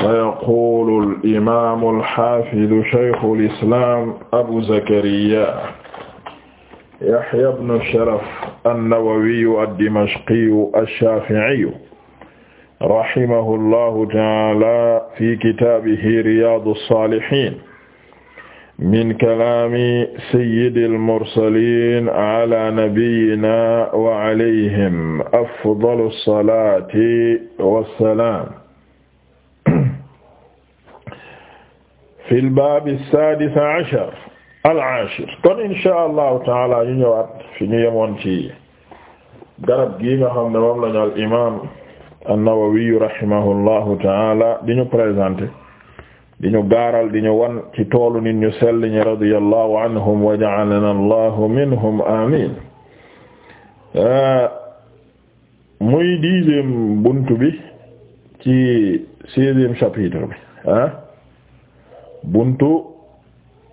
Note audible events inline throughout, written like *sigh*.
فيقول الإمام الحافظ شيخ الإسلام أبو زكريا يحيى بن شرف النووي الدمشقي الشافعي رحمه الله تعالى في كتابه رياض الصالحين من كلام سيد المرسلين على نبينا وعليهم أفضل الصلاة والسلام fil baabi saadis ashar al ashir kon insha allahu taala ñu ñëwaat fi ñu yemoon ci garab gii nga xam ne moom lañu al imaam an-Nawawi rahimahullahu taala di ñu présenté di ñu gaaral di ñu wan ci toolu nit ñu sell ñi radiyallahu anhum wa ja'alana minhum amiin muy dixième buntu bi ci seizième chapitre bi ah buntu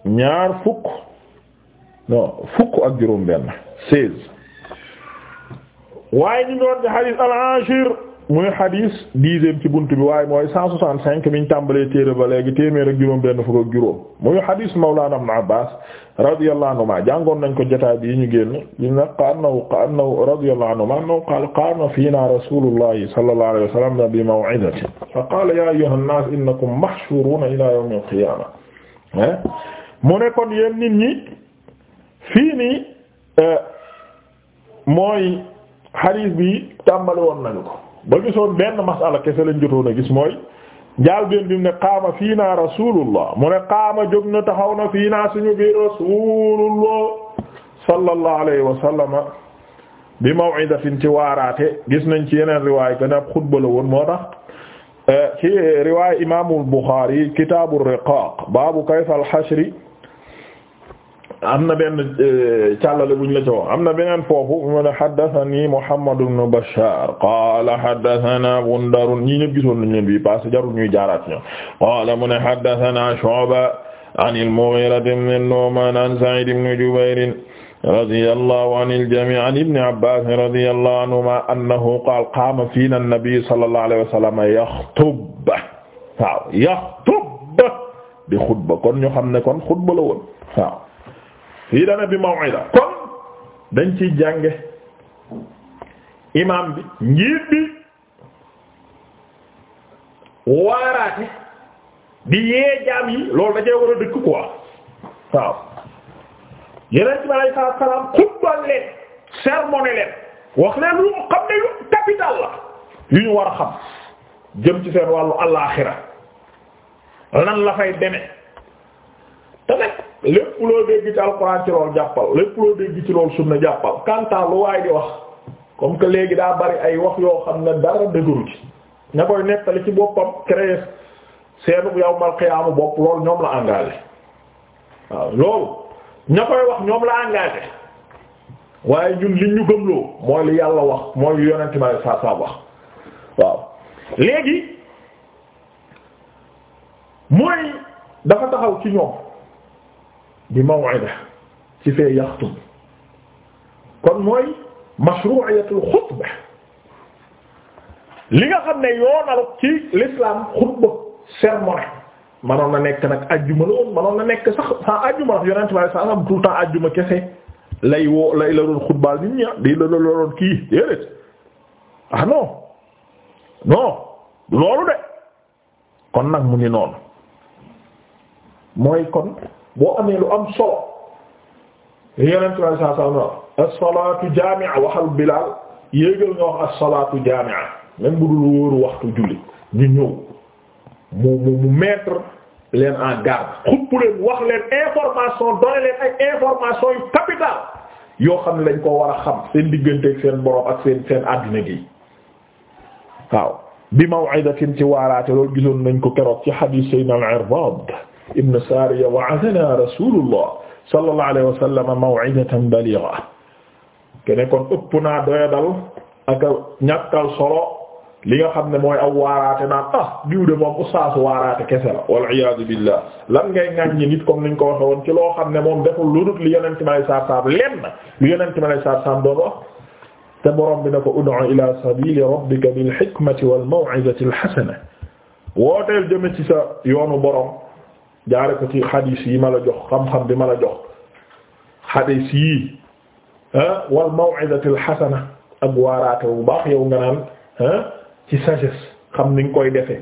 ñaar fukk non fukk ak juróom benn seize waaye ñu doon ci hadith al-ashir muy xadiis dixième ci bunt bi waaye mooy cent soixante cinq biñ tàmbalee téere ba léegi téeméer juróom benn fukk ak juróom muy xadiis mawlana ibn Abbaas radiyallahu anhuma jàngoon nañ ko jotaay bii ñu génn dina qarnahu qarnahu radiyallahu anhuma annahu qaala qarna fiina rasuulullahi sallallahu alayhi wa sallam bi maw'idatin fa qaala yaa ayyuhan naas innakum mahshuruuna ilaa yawmil qiyaama mu ne kon yéen nit ñi fii nii eh, mooy xadiis bi tàmbali woon nañu ko ba gisoon benn masala kese lañ jotoon a gis mooy njaal benn bi mu ne qaama fii naa rasulullah mu ne qaama jóg na taxaw na fii naa suñu biir rasulullah sallallahu alayhi wa sallama bi maw'idatin ci waaraate gis nañ ci yeneen riwaay gën a xutba la woon moo tax eh, ci riwaay imaamul Buxaari kitaabu riqaaq baabu kayfa al-hashri am na benn euh, càllale buñ la ci wax am na beneen foofu mu ne haddathani Muhammad ibn Bashar qala haddathana Gundar ñi ñëpp gisoon nañ leen bi parce que jarul ñuy jaaraat ñoom qala mu ne haddathana Shu'ba an al-Mughira ibn Nu'man an Sa'id ibn Jubayr radiyallahu anil jamii an ibni Abbaas radiyallahu anhumaa annahu qaala qaama fiinaa an-nabi sallallahu alayhi wa sallam yaxtub waaw yaxtub di xutba kon ñu xam ne kon xutba la woon waaw fii dana bi maw'ida kon dañ ciy jànge imaam bi njiit bi waaraate di yee jaam yi loolu da cee war a dëkk quoi waaw yeneen bi alayhi salaatu leen sermoné leen wax leen lu xam ne yu capital la yu ñu war a xam jëm ci seen wàllu alaaxira lan la fay deme te lépp loo dégg ci alxuraan ci loolu jàppal lépp loo dégg ci loolu sunna jàppal kanta lu waay di wax comme que léegi daa bari ay wax yoo xam ne dara dëgëru ci ña koy nettali ci boppam créé seenu yawmal qiyaamu bopp loolu ñoom la engagé loolu ña koy wax ñoom la engagé waaye ñun li ñu gëmloo mooy li yàlla wax mooy li yonent ma saa saa wax waaw léegi mooy dafa taxaw ci ñoom. bi maw'ida ci fee yaxtub kon mooy mashru'iyatul xutba li nga xam ne yoonal ci l'islam xutba sermon manoon na nekk nag ajjuma la woon manoon na nekk sax sa ajjuma wax yonent bi sa am tout ajjuma kese lay woo lay la doon xutbaal nit ñi di la doon kii déedéet ah non non loolu de kon nag mu ni noonu mooy kon boo amee lu am solo yeneen trois cent soixante as-salaatu jaami'a waxal Bilaal yéegal nga wax as-salaatu jaami'a même bu dul waxtu julli ñu ñëw mu mu mu leen en garde xupp leen wax leen information donné ay information yu capital yoo xam ne lañ ko war a xam seen digganteeg seen borom ak seen seen àddina gi waaw bi maw'idatin ci waaraate lool gisoon nañ ko keroog ci hadith Sayyidina al-Irbaad ibn Sariya wa'azana rasulullah sallallahu alayhi wa sallam maw'idatan baligha kene kon ëpp naa doyadal ak ñàkkal solo li nga xam ne mooy aw waaraate naan ah diw de moom ustaas waaraate kese la wal iyaadu billah lan ngay ŋàññi nit comme ko waxe woon ci loo xam ne moom deful lu dul li yonente ma lay saat saam lenn li yonente ma lay saat saam doon wax te borom bi na ko ud'u ila sabili rabbika bil hikmati wal maw'izati al hasana wooteel jëme ci sa yoonu borom jaare ko ci xadiis yi ma la jox xam-xam bi ma la jox xadiis yi wal maw'izatil hasana ak waaraate bu baax yow nga naan ci sagesse xam ni koy defee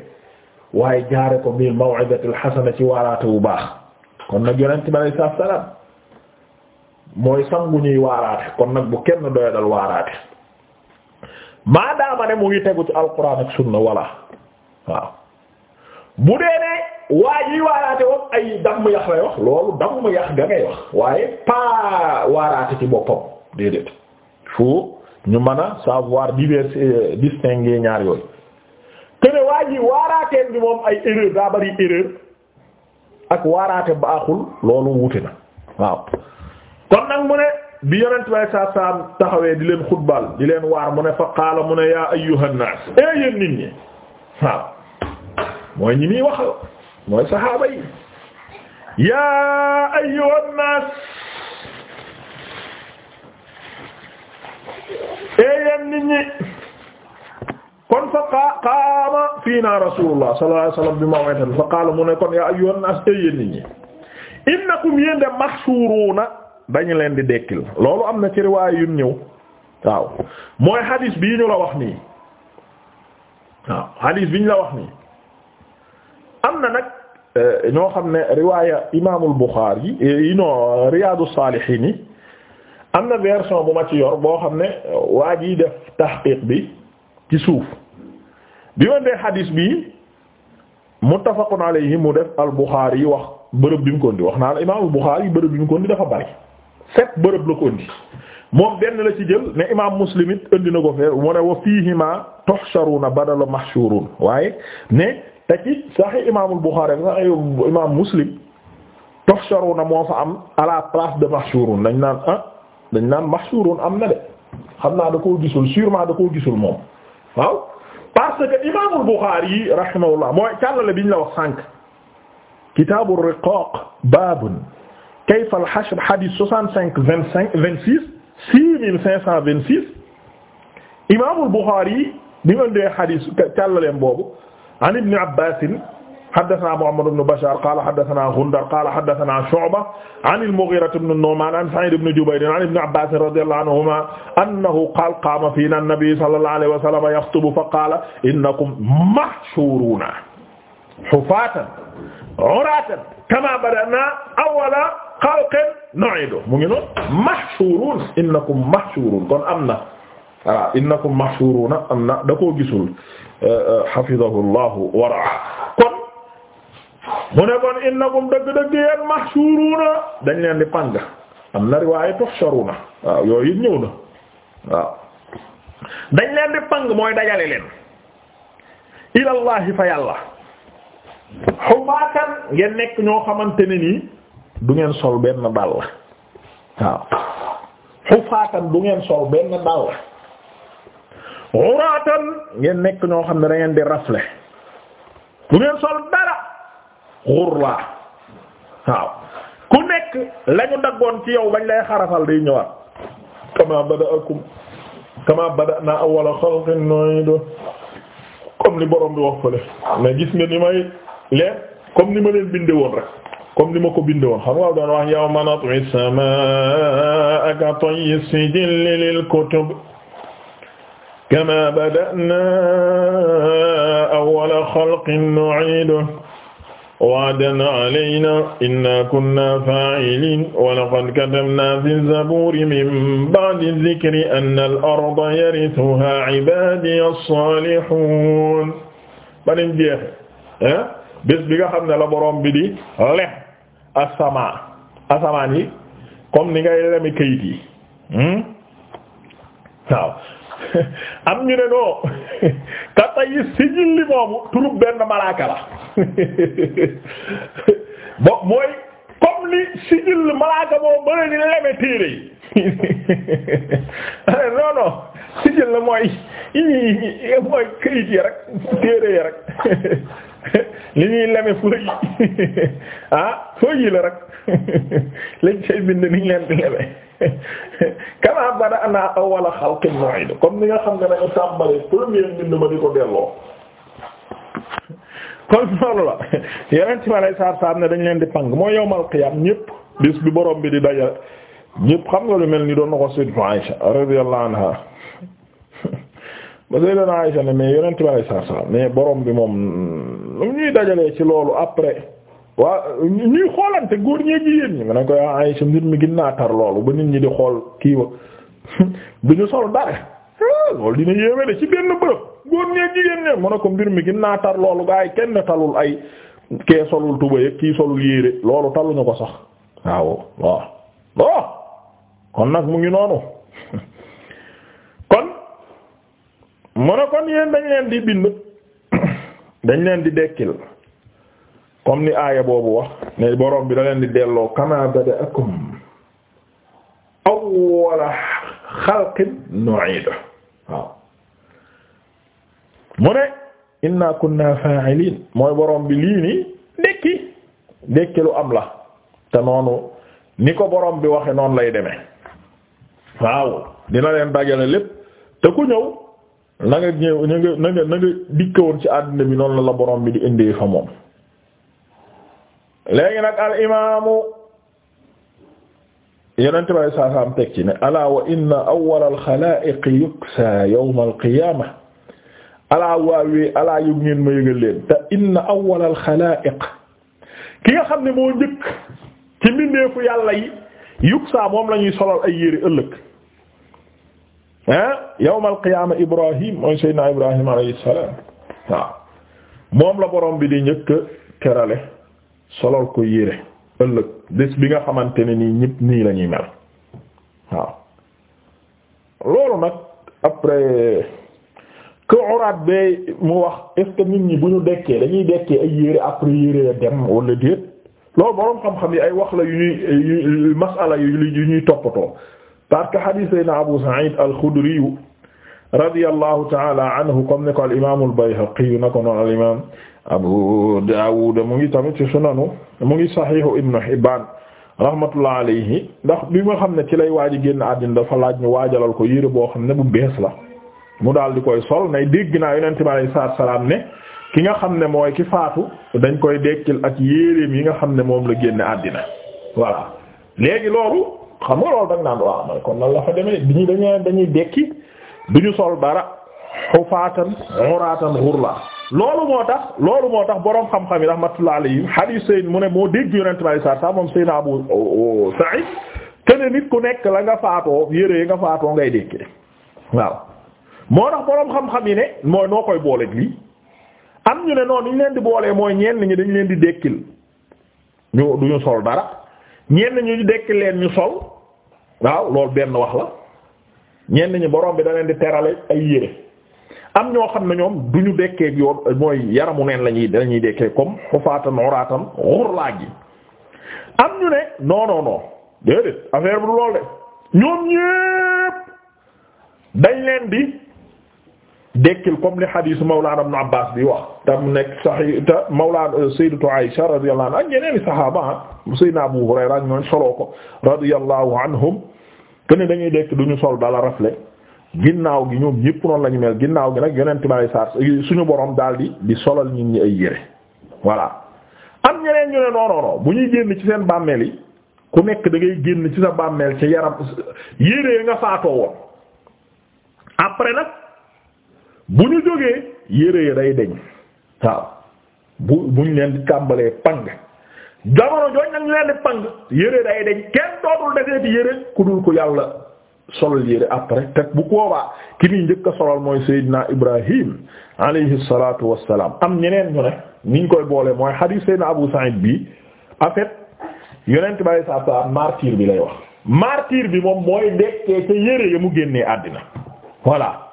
waaye jaare ko bil maw'izatil hasana ci waaraate bu baax kon nag yonent bi alayhi salaam mooy sangu ñuy waaraate kon nag bu kenn doyadal waaraate maadaama ne mu ngi tegu ci alquran ak sunna walla waaw bu dee ne waa ji waaraate woon ay damm yax lay wax loolu damm yax ga ngay wax waaye pas waaraate ci boppam déedéet foo ñu mën a savoir divers euh, distinguer ñaar yooyu te ne waa ji waaraateen bi moom ay erreur daa bari erreur ak waaraate baaxul loolu wuute na waaw kon nag mu ne bi yonent bay saa saam taxawee di leen xutbal di leen waar mu ne fa qaala mu ne yaa ayyuhan naas ee yéen nit ñi waaw mooy ñi muy waxal mooy saxaaba yi yaa ayyuhan naas eeyeen nit ñi kon fa qaama fiina rasulullah sallallahu alayhi wasallam bi maw'idan fa qaala mu ne kon yaa ayyuhan naas eeyeen nit ñi innakum yéen de mahshuruuna dañu leen di dekkil loolu am na ci riwaay yu ñëw waaw mooy hadis bii ñu la wax nii waaw hadis bi ñu la wax nii am na nag Euh, ñoo xam ne riwaaya imaamul Buxaari eh, yi non Riyaadu Saalihiin yi am na version bu ma ci yor boo xam ne waa ji def tahqiq bi ci suuf bi ma dee xadiis bi muttafaqun alayhi mu def al Buxaari yi wax bërëb bi mu ko ndi wax naa la imaamul Buxaari yi bërëb bi mu ko ndi dafa bari sept bërëb la ko ndi moom benn la ci jël ne imaam Muslim it ëndi na ko fee mu ne wa fiihimaa tuhsharuuna badala mahshuruun waaye ne te ci Sahih imaamul Bukhari ak Sahih Muslim tuhsharuna moo fa am à la place de mahshurun dañ naan ah dañ naan mahshurun am na de xam naa da koo gisul sûrement da koo gisul moom waaw parce que imaamul Bukhari rahimahullah mooy càllale biñ la wax sànq kitaabu al-hashr soixante cinq vingt cinq vingt six six mille cinq cent vingt six imaamul Bukhari bi ma dee hadith càllaleem boobu an ibni abbasin haddathana muhammad ibn bashar qala haddathana gundar qala haddathana shu'ba an al-mughira ibn nu'man an sa'id ibn jubayr an ibni abbasin radiyallahu anhuma annahu qala qama fina an-nabi sallallahu alayhi wa sallam yaxtubu fa qala innakum mahshuruna hufatan uratan kama bada'na awwala xalqin nu'idu mu ngi noonu mahshurun innakum mahshurun kon am na waaw innakum mahshuruna am na da koo gisul euh, euh, hafizahu llahu wara kon mu ne kon innakum dëgg-dëgg yeen mahshuruna dañ leen di pang am na riwaaye tuhsharuna waaw yooyu it ñëw na waaw dañ leen di pang mooy dajale leen ilallahi fa yàlla xumaatan ngeen nekk ñoo xamante ne nii du ngeen sol benn dàll waaw xufaatan du ngeen sol benn dàll uratan ngeen nekk ñoo xam ne da ngeen di rafle bu ngeen sol dara xurla waaw ku nekk lañu daggoon ci yow bañ lay xarafal day ñëwaat kama bada'akum kama bada'na awwala xalqin nu'idu comme li borom bi wax fële mais gis nga ni may leen comme ni ma leen binde woon rek comme ni ma ko binde woon xam nga doon wax yawma natwi as-samaa'a ka tayyi sijil lil kutub kama bada'naa awwala xalqin nu'iiduhu wa'dan 'alaynaa innaa kunnaa faa'iiliin wa laqad katabnaa fi zabuuri min ba'di zikri anna al-arda yarisuhaa 'ibaadiya saalihuun. banim jeex bés bi nga xam ne la boroom bi di lem asamaan asamaan yi comme ni ngay lemi kayit yi hmm? waaw. *laughs* am ñu ne noo *laughs* kata sijil li moomu turub benn malaaka la *laughs* bo mooy comme li sijil malaaka boo bëri di leme téere yi non sijil la mooy mooy këyit yi rek téere yi rek *laughs* li ñuy leme fooy *laughs* ah fooy yi la rek *laughs* lañ cay bind niñ leen di leme kama bada'na awwala xalqin nu'idu comme ni nga xam ne dañu tàmbale premier bind ma di ko delloo kon loolu la yeneen ci ma lay saar saar ne dañ leen di pang moo yowmal qiyam ñépp bis bi borom bi di daja ñépp xam nga lu mel ni doon na ko Sayyidatu Aisha radiyallahu anha ba Sayyidina Aisha ne mais yonent bi saa saa mais borom bi moom lu ñuy dajalee ci loolu après waa ñuy xoolante góor ñee jigéen ñi ma ko yaa Aisha mbir mi gin naa tar loolu ba nit ñi di xool kii ba *laughs* du ñu sol dara ah, loolu dina yéeme de ci benn bërëb góor ñee jigéen ñi ma ne ko mbir mi gin naa tar loolu gaa yi kenn talul ay kee tu tuba yëpp kii solul yéere loolu taluñu ko sax waaw waaw kon nag mu ngi noonu. *laughs* mu ne kon yéen dañ leen di bind dañ leen di dekkil comme ni aaya boobu wax ne borom bi daleen di delloo kama bada'akum awwala xalqin nu'idu waaw mu ne inna kunna fa'ilin mooy borom bi lii nii dekki dekki am la te noonu ni ko borom bi waxe noonu lay demee waaw dina leen dajale lépp te ku ñëw na nga ñëw na nga na ci àddina bi noonu la la borom bi di indee fa moom léegi nag al imaamu yonente bay saasaam teg ci ne ala wa inna awwal al xalaa'iq ngeen ma yëgal leen te inna awwal al xalaa'iq nga xam ne moo njëkk ci mbindeefu yàlla moom la ñuy solal ay yére ëllëg yawmal qiyaama Ibrahim mooy Seydina Ibrahim alayhi salaam waaw moom la boroom bi di njëkk terale solol ko yére ëllëg bés bi nga xamante ne nii ñëpp nii lañuy ñuy mel waaw loolu nag après que oraat mu wax est nit ñi bu ñu dekkee dañuy dekkee ay yére après yére dem wala déet loolu boroom xam-xam yi ay wax la yu ñuy masala yu ñuy toppatoo parce que hadith sayna Abu Sa'id al-Khudri radiyallahu ta'ala anhu comme ni ko al imaam al-Bayhaqi na ko noonu al imaam Abu Dawud mu ngi tamit ci sunanu mu ngi saxiixu Ibn Hibban rahmatullah alayhi ndax bi nga xam ne ci lay waaj a génn àddina dafa laaj mi waajalal ko yére boo xam ne bu bees la mu daal di koy sol nay dégg naa Yonent bi alayhi salaatu salaam ne ki nga xam ne mooy ki faatu dañ koy dekkil ak yéreem yi nga xam ne moom la génn àddina voilà léegi loolu. xam nga loolu dañ naan waaw mooy kon lan la fa demee bi ñu dañuy dañuy dekki du ñu sol dara xufaatan xuraatan xurla loolu moo tax loolu moo tax boroom xam-xam yi rahmatullah alayhi hadith Seyn mu ne moo dégg yonent bi saa saa moom Seydina Abu oh, oh, Sa'id kenn nit ku nekk la nga faatoo yére nga faatoo ngay dékkee waaw moo tax boroom xam-xam yi ne mooy noo koy booleeg lii am ñu ne noonu ñu leen di boolee mooy ñenn ñi dañu leen di dékkil ñu duñu sol dara. ñenn ñu dekk leen ñu sol waaw loolu benn wax la ñenn ñi borom bi daleen di terale ay yére am ñoo xam ne ñoom du ñu dekkee yoon mooy yaramu neen lañuy dañuy dekkee comme xufaatan oraatam xurlaa gi am ñu ne non non non déedéet affaire bu lool de ñoom ñépp dañ leen di dekkil comme li xadiis Mawlaana Ibn Abbaas bi wax te mu nekk sahih te Mawlaana euh, Sayyidatu Aïsha radiyallahu anha ak ñeneen saxaaba ah, Sayyidina Abu Hurayra ak ñooñ soloo ko radiyallahu anhum kenn dañuy dekk duñu sol dala rafle ginnaaw gi ñoom ñëpp la ñu mel ginnaaw gi nag yonent bi alayhi salaatu suñu borom daal di di solal nit ñi ay yére voilà am ñeneen ñu ne non bu ñuy génn ci seen bàmmeel yi ku nekk da ngay génn ci sa bàmmeel ci yaram yére nga faatoo woon après nag bu ñu jógee yére yi day deñ waaw bu buñ leen di tàmbalee pang jamono jooñ nag ñu leen di pang yére day deñ kenn dootul defee ci yére ku dul ko yàlla solal yére après te bu koobaa ki ni njëkk solal mooy Seydina Ibrahim alayhi salaatu wassalaam am ñeneen ñu ne niñ koy boole mooy hadith Seydina Abu Sa'id bi en fait yonent bi alayhi salaatu bi lay wax martyr bi moom mooy dekkee ca yére ya mu génnee àddina voilà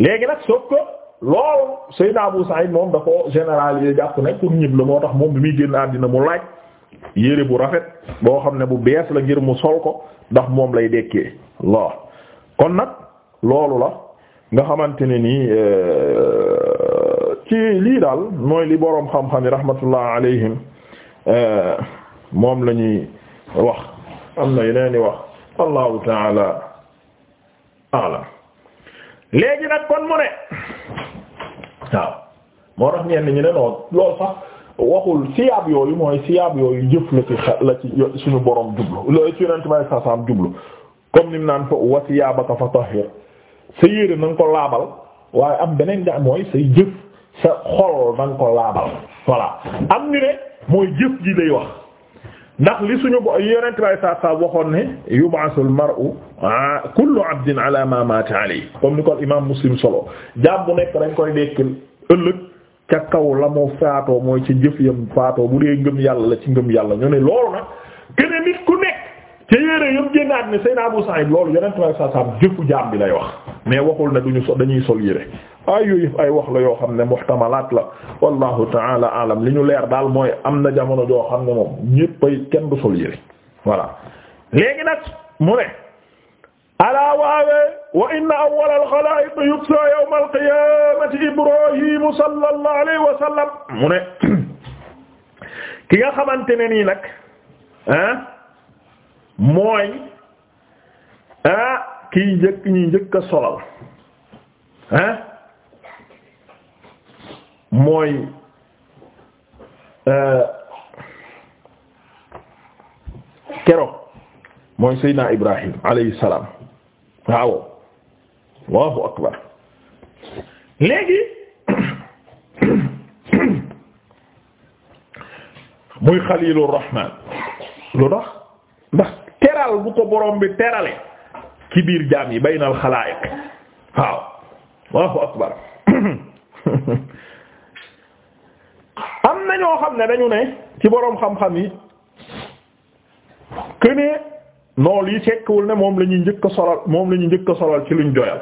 léegi nag sauf que loolu Seydina Abu Sa'id moom da ko généraliser jàpp ne pour ñib la moo tax moom bi muy génn àddina mu laaj yére bu rafet boo xam ne bu bees la ngir mu sol ko ndax moom lay dekkee lool kon nag loolu la nga xamante ne nii euh, ci lii daal mooy li boroom xam-xam yi rahmatullah alayhim euh, moom la ñuy wax am na yeneen i wax allahu taala a'lam léegi nag kon mu ne waaw moo tax ñenn ñu ne noonu loolu sax waxul siyaab yooyu mooy siyaab yooyu jëf la ci la ci suñu boroom jublu loolu ci yonent bay saasaam jublu comme nim naan fa wa siyaabaka fa tahir sa yére na ko laabal waaye am beneen nga mooy say jëf sa xol na ko laabal voilà am ñu ne mooy jëf ji lay wax ndax li suñu yonent bi alayhi salaatu salaam waxoon ne yub'asu al-mar'u ah, kullu 'abdin 'ala ma mata 'alayhi comme ni ko imaam Muslim solo jaam bu nekk dañ koy dekkal ëllëg ca kaw la mu faatoo mooy ci jëf yam faatoo bu dee ngëm yàlla la ci ngëm yàlla ñu ne loolu nag keneen nit ku nekk ca yére yam génnaat ne Seydina Abu Sa'id loolu yonent bi alayhi salaatu jëfu jaam bi lay wax mais waxul ne duñu so dañuy sol yére ay yooyu ay wax la yoo xam ne muhtamalaat la wallahu taala alam li ñu leer daal mooy am na jamono joo xam ne moom ñéppay kenn du sol yére voilà léegi nag mu ne alaa waawee wa inna awwala al-xalaa'iq yubsaa yawma al sallallahu alayhi wa mu ne ki nga xamante ne nii nag ah mooy ah kii njëkk ñi njëkk a solal hein mooy euh, keroog mooy Seydina Ibrahim alayhi salaam waaw Allahu akbar léegi muy Xaliilur Rahmaan lu tax ndax teral ko borom bi terale ci biir jaam yi baynal xalaayiq waaw Allahu akbar am na ñoo xam ne dañu ne ci boroom xam-xam yi que ne yi tekkiwul ne moom la ñuy njëkk solal moom la ñuy njëkk a solal ci luñ doyal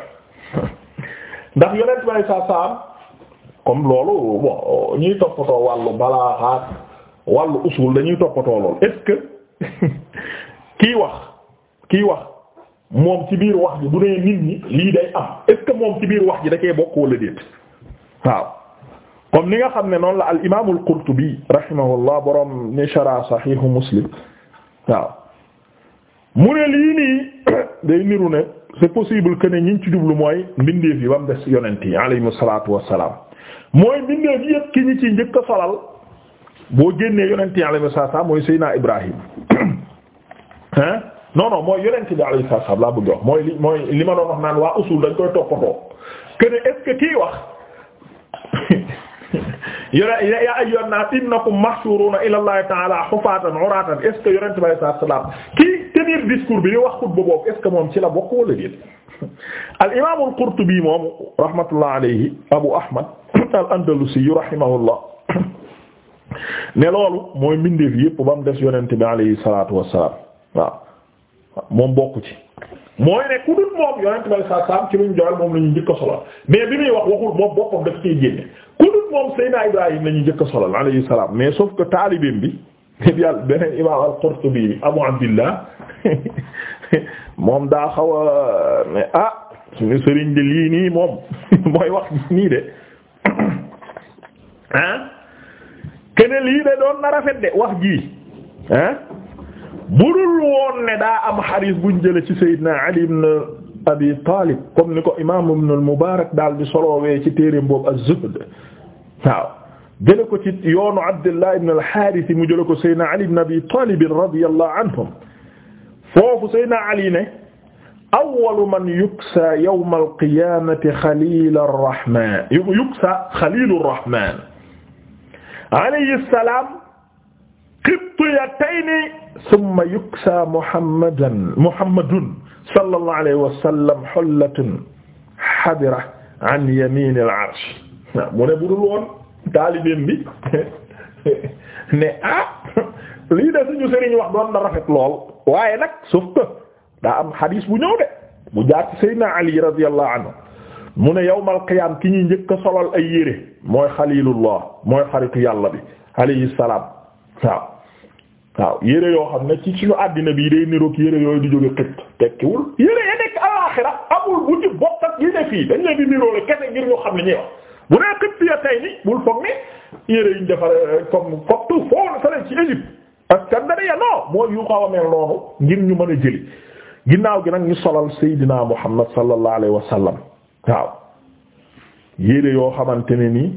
ndax yonent bay sa saam comme loolu bon ñuy toppatoo wàllu balaaxaat wàllu usul dañuy toppatoo loolu est-ce *laughs* wax kii wax moom ci biir wax ji bu nee nit ñi lii day am est moom ci biir wax ji da cee bokk wala déet waaw comme ni nga xam ne noonu la al imaam al Qurtubi rahimahullah borom ni shara sahihu muslim waaw mu ne lii nii *coughs* day niru ne c'est possible que ne ñi ci jublu mooy mbindeef yi ba mu des yonent yi alayhimu salaatu wassalaam mooy mbindeef yépp ci njëkk a boo génnee yonent yi alayhimu salaatu mooy Seydina Ibrahim *coughs* hein non non mooy yonent bi alayhi salaam laa bëgg wax mooy li mooy li ma doon wax naan waa usul dañ koy toppatoo que ne est ce que kii wax *laughs* yore yaa ayyuhan naas innakum mahshuruuna ila allahi ta'ala hufaatan uratan est ce que yonent bi alayhi salaam kii tenir discours bi di wax xutba boobu est ce que moom ci la bokk wala déet. *laughs* al imaam al qurtubi moom rahmatullah alayhi abu ahmad al andalusi rahimahullah *coughs* ne loolu mooy mbindeef yépp ba mu des yonent bi alayhi salaatu wa salaam waaw. moom bokku ci mooy ne ku dul moom yonent bi saa saam ci luñ joyal moom la ñu njëkk a mais bi muy wax waxul moom boppam daf ciy génne ku moom Seydina Ibrahim la ñu njëkk a solal alayhi salaam mais sauf que taalibeem bi yàlla beneen imaam al-Qurtubi bi Abu Abdillah *laughs* moom daa xaw a ne ah suñu sëriñ de lii nii moom *laughs* mooy wax nii de ah *coughs* kene lii de doon na rafet de wax ji ah. budul woon ne daa am xadis buñ jële ci Seydina Ali ibn Abi Talib comme ni ko imaam Ibn al-Mubarak daal di soloowee ci téereem boobu az-Zuhd waaw jële ko ci yoonu Abdullah ibn al-Harith mu jële ko Seydina Ali ibn Abi Talib radiyallahu anhum foofu Seydina Ali ne awwalu man yuksa yawm al-qiyamati Khalil ar-Rahman yuksa Khalil ar-Rahman alayhi salam qibtiyatayni summa yuksa muhammadan muhammadun sallallahu alayhi wa sallam hullatun hadira an yamin al arsh mu ne budul woon taalibeen bi *laughs* ne ah *laughs* lii de suñu sëriñ wax doon na rafet lool waaye nag sauf que daa am xadiis bu ñëw de bu jaar ci Seydina Ali radiyallahu anhu mu ne yawmal qiyaam ki ñuy njëkk a solal ay yére mooy xalilullah mooy xaritu yàlla bi alayhi salaam waaw waaw yére yoo xam ne ci suñu àddina bi day niroog yére yooyu di jóge Égypte tekkiwul yére ya nekk alaaxira amul bu ci bokk ak yi ne fii dañ leen di niroole kese ngir ñu xam euh, yu xaw ngir ñu mën a jëli ginnaaw gi nag ñu solal Seydina Muhammad sallallahu alayhi wa sallam waaw yére yoo xamante ne nii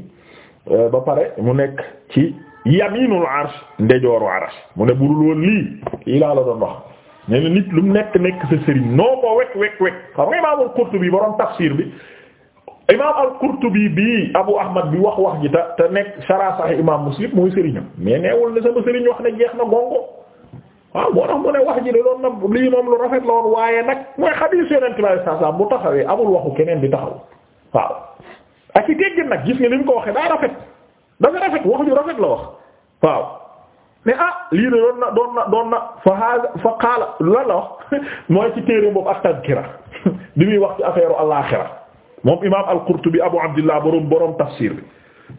euh, ba pare mu nekk ci. yaminul arsh ndejooru arsh mu ne budul woon lii lii la doon wax ne na nit lu mu nekk nekk sa sëriñ noo ko wek wek wek xam nga imaam al-Qurtubi borom tafsir bi imaam al-Qurtubi bi Abu Ahmad bi wax wax ji te te nekk sara Sahih imaam Muslim mooy sëriñam mais neewul ne sama sëriñ wax ne jeex na gongo waaw moo tax mu ne wax ji da doon na lii moom lu rafet la woon waaye nag mooy xadiis Yonent bi sallallahu alayhi wasallam bu taxawee amul waxu keneen di taxaw waaw ak ci ko waxee daa dafa rafet wax ju rafet la wax waaw mais ah lii de doon na doon fa hada fa qaala lan la wax *laughs* mooy ci téere boobu ak tadkira *laughs* bi muy wax ci affaire al-axira moom imaam al-Qurtubi Abu Abdillah borom tafsir bi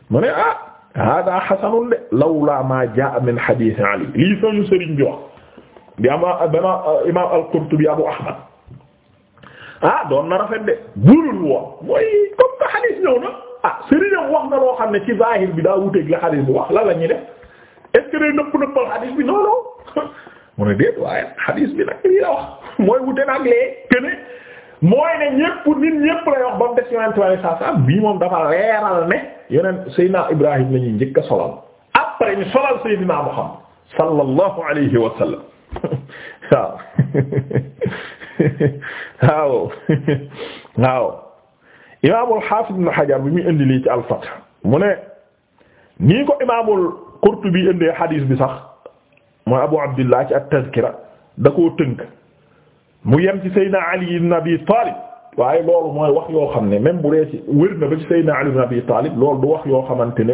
mu ne ah hada hasanun de lawla ma jaa min hadith Ali lii soñu Serigne bi wax bi ama al-Qurtubi Abu Ahmad ah doon rafet de burul woon mooy comme que hadith ah sëriñam wax na loo xam ne ci zahir bi daa wuteeg la xadis bi wax la la ñuy def est-ce que day nëpp nëppal xadis bi non non *laughs* mu ne déet waaye xadis bi nag lii la wax *laughs* mooy wute nag lee te ne mooy ne ñépp nit ñépp lay wax ba mu des yonent bi saa saa bii moom dafa leeral ne yeneen Seydina Ibrahim la ñuy njëkk a solal après ñu solal Seydina Muhammad sallallahu alayhi wa sallam *laughs* waaw waaw waaw. imaamul xaafis ibn Hajar bi muy indi lii ci al-Fath mu ne nii ko imaamul Qurtubi indee xadiis bi sax mooy Abu Abdillah ci at-Tazkira da koo tënk mu yem ci Seydina Ali ibn Abi Talib waaye loolu mooy wax yoo xam ne même bu dee ci na ba ci Seydina Ali ibn Abi Talib loolu du wax yoo xamante ne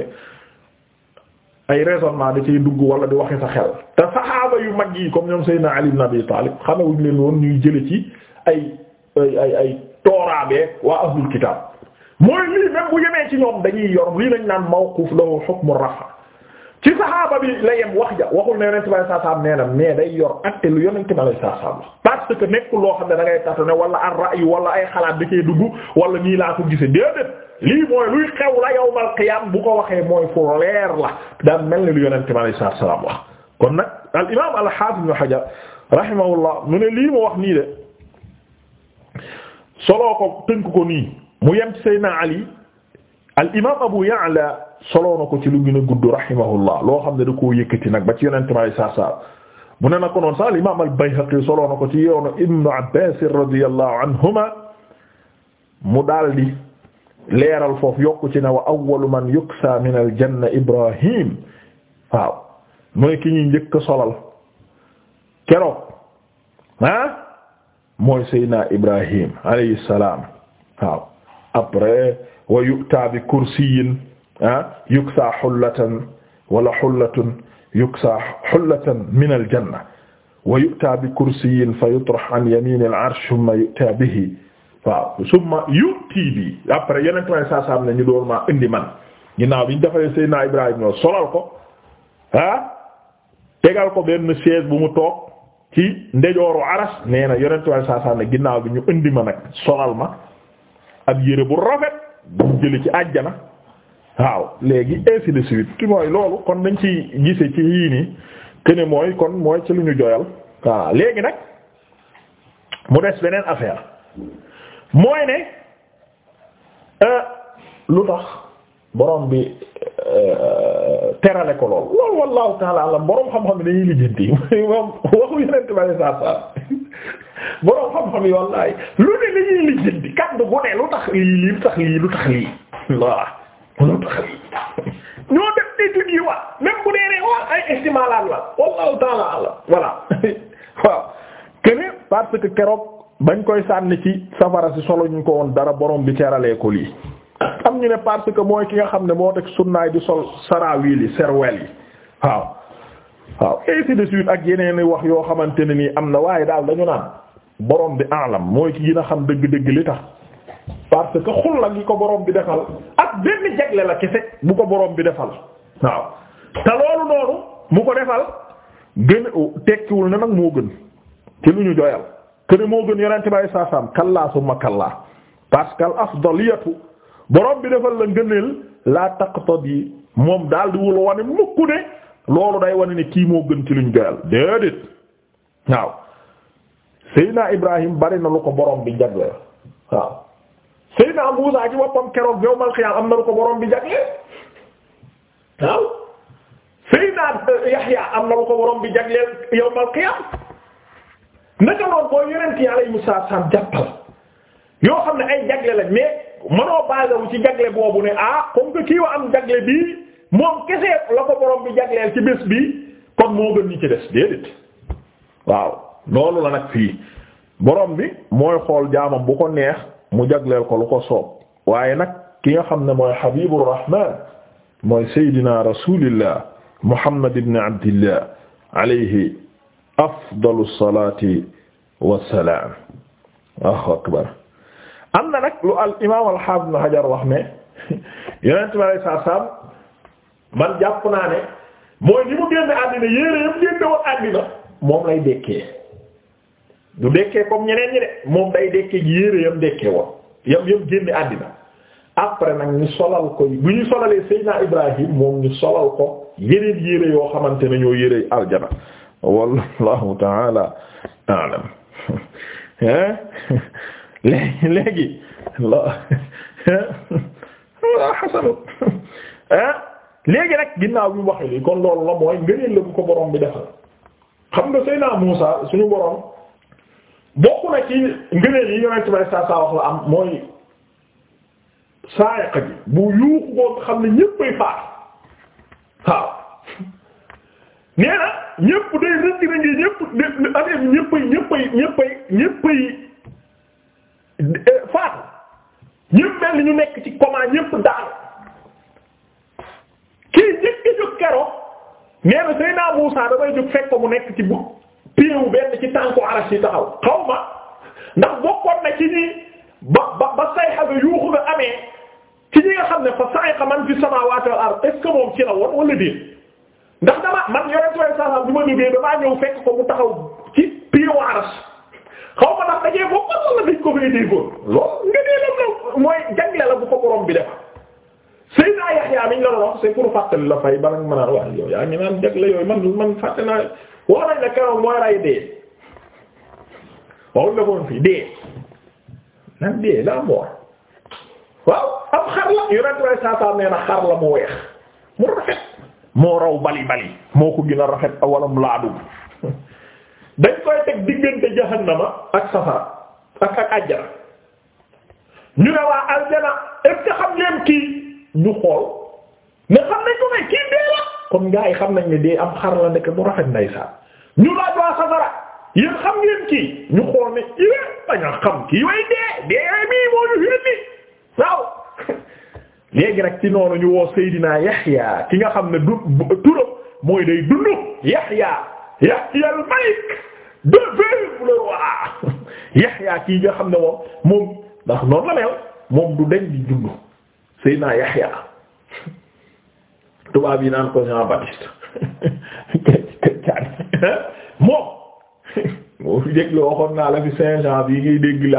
ay raisonnement da ciy dugg wala di waxe sa xel te saxaaba yu mag yi comme ñoom Seydina Ali ibn Abi Talib xamewuñ leen woon ñuy jële ci ay ay ay tooraabee waa ahlul kitaab mooy lii même bu yemee ci ñoom dañuy yor lii lañ naan mawquf lahu hukmu rafa ci saxaaba bi la yem wax ja waxul ne yonent bi sallallahu alayhi na mais day yor atte lu yonent bi sallallahu alayhi wasallam parce que loo xam ne da ngay tax ne wala ar ra'y wala ay xalaat da cee dugg wala ñii laa ko gisee déedéet lii mooy luy xew la yawmal qiyaam bu ko waxee mooy fu leer la daan mel ni lu yonent bi sallallahu alayhi wasallam wax kon nag al imaam al haafiz ibn Hajar mu ne lii wax solo ko tënk ko nii mu yem ci Ali al Abu Ya'la soloo na ko ci lu gën a gudd loo xam ne da koo yëkkati nag ba ci yonent may mu ne na ko noonu sax al imaam al ko ci yoonu Ibn Abbas radiyallahu anhuma mu daldi leeral foofu yokku ci ne wa awwalu man yuksa min al Ibrahim waaw mooy ki ñuy njëkk solal keroog ah. mooy Seydina Ibrahim alayhi salaam waaw après wa yu'ta bi kursiyin yuksa xullatan wala xullatun yuksa xullatan min aljanna wa yu'ta bi kursiyin fa yutrax an yamini al-arsh summa yu'ta bihi waaw summa yu'ti bi après yeneen tubaab yi saa saa am na ñu door maa indi man ginnaaw bi ñu defalee Seydina Ibrahim solal ko ah tegal ko benn chaise bu mu toog. ci ndejooru aras nee na yonentu waaye saa saa ne ginnaaw bi ñu indi ma nag solal ma ak yére bu rafet bu jëli ci àjjana waaw léegi ainsi de suite ki mooy loolu kon dañ ci gise ci yii nii këne mooy kon mooy ci lu ñu joyal waaw léegi nag mu des beneen affaire mooy ne euh, lu tax borom bi euh, terale ko lool loolu wallahu taala boroom xam-xam dañuy lijjanti moom waxu yenent bale saa saa boroom xam-xam yi wallahi lu ne dañuy lijjanti kaddu bu ne lu tax lii lu tax lii lu tax lii waaw lu tax lii ñoo def étude yi wax même bu dee ne wax oh, ay estimalaan la wallahu taala alam voilà *laughs* parce que keroog bañ koy sànni ci safara si solo ñu ko woon dara boroom bi teralee ko lii am ñu ne parce que mooy ki nga xam ne moo teg sunnaay di sol saraawil yi serwel yi waaw waaw ainsi de suite ak yeneen wax yoo xamante ne nii am na waaye daal dañu naan borom bi alam mooy ki gin a xam dëgg-dëgg li tax parce que xul la gi ko borom bi defal ak benn jagle la kese bu ko borom bi defal waaw te loolu noonu mu ko defal gën tekkiwul na nag moo gën ci lu ñu joyal kene moo gën yonente bi sallallahu alayhi wasallam kallaa parce que al afdaliyatu borom bi defal la ngëneel laa taqtadi moom daal di wul wane mukk ne loolu day wane ne kii moo gën ci luñ joyal déedéet waaw Seydina Ibrahim bari na lu ko borom bi jagleel waaw Seydina Muusaa am na lu ko borom bi jagleel waaw Seydina Yaxya am na ko borom bi jagleel yawmal qiyaam naka noonu boo yonent yi alayhimu salaam jàppal yoo xam ne ay jagle lañ mais. mënoo basé wu ci jagle boobu ne ah comme que kii wa am jagle bii moom kese la borom bi jagleel ci bés bi kon moo gën ñi ci des déedéet waaw loolu la nag fii borom bi mooy xool jaamam bu ko neex mu jagleel ko lu ko soob waaye nag ki nga xam ne mooy Habibur Rahman mooy mu Rasulillah Muhammad ibn Abdillah alayhi afdalu salaati wa salaam Allahu akbar am na nag lu al imaam al na Hajar wax ne *laughs* yonent bi alayhi salaam man jàpp naa ne mooy li mu génne àddina yére yëpp génne woon àddina moom lay dekkee du dekkee comme ñeneen ñi de moom day dekkee gi yére yam dekkee woon yam génne àddina après nag ñu solal ko bu ñu solalee Seydina Ibrahim moom ñu solal ko yeneen yére yoo xamante ne ñoo yére aljana wallahu ta'ala a'lam *laughs* *laughs* *laughs* léegi léegi *laughs* xasanu *laughs* eh, léegi nag ginnaaw bi waxee lii kon loolu la mooy ngëneel la ko borom bi defal xam nga Seydina Muusa suñu borom bokk na ci ngëneel yi yonent bi saa saa wax la am mooy saayaqa bi bu yuuxu boo nga ne ñéppay faat waaw nee na ñépp day rëdd na ngi ñépp affaire bi faatu ñëpp mel ni ñu nekk ci coma yépp daal kii njëkk a jóg keroog nee na Seydina Muusaa damay jóg fekk ko mu nekk ci bu piiwu benn ci tànku aras yi taxaw xaw ma ndax bokkoon na ci ñi ba ba ba sayxa bi yuuxu nga amee ki ñi nga xam ne fa sayxa man fi samaawaati wal ard est ce que moom ci la woon wala déet ndax dama man yore sooy saasam bi ma duggee damaa ñëw fekk ko mu taxaw ci piiwu aras xaw ma ndax dajee foofu wala dañ ko fay déggoon loolu nga dee la mooy jagle la bu ko borom bi def Seydina Yahya miñ la wax c'est pour fàttali la fay ba nag mën a wax yow yaa ngi naan jagle yooyu man fàtte naa wax nañ la keroog mooy ray dee waxuñ la koon fii nee na xar la mu weex mu rafet moo raw bali bali moo ko gën rafet awalam laadum koy teg diggante jahannama ak safara ak ak àjjana ñu ne waa aljana est-ce xam ngeen kii ñu xool mais xam nañ ko may kii dee la kon gaa xam nañ ne dee am xar la nekk bu rafet ndeysaan ñu laaj waa safara yéen xam ngeen kii ñu xool ne yéen bañ a xam kii way dee dee mii moo ñu yéen ni waaw léegi nag ci noonu ñu woo Seydina Yahya ki nga xam ne du turam mooy day dundu Yahya Yahya al-Malik devez le roi *laughs* Yaxya kii nga xam ne moom moom ndax noonu la mel moom du deñ di dund Seydina Yaxya *laughs* tubaab yi naan ko Jean Baptiste *laughs* moom moo fi dégg la naa la fi Saint Jean bii ngay dégg laa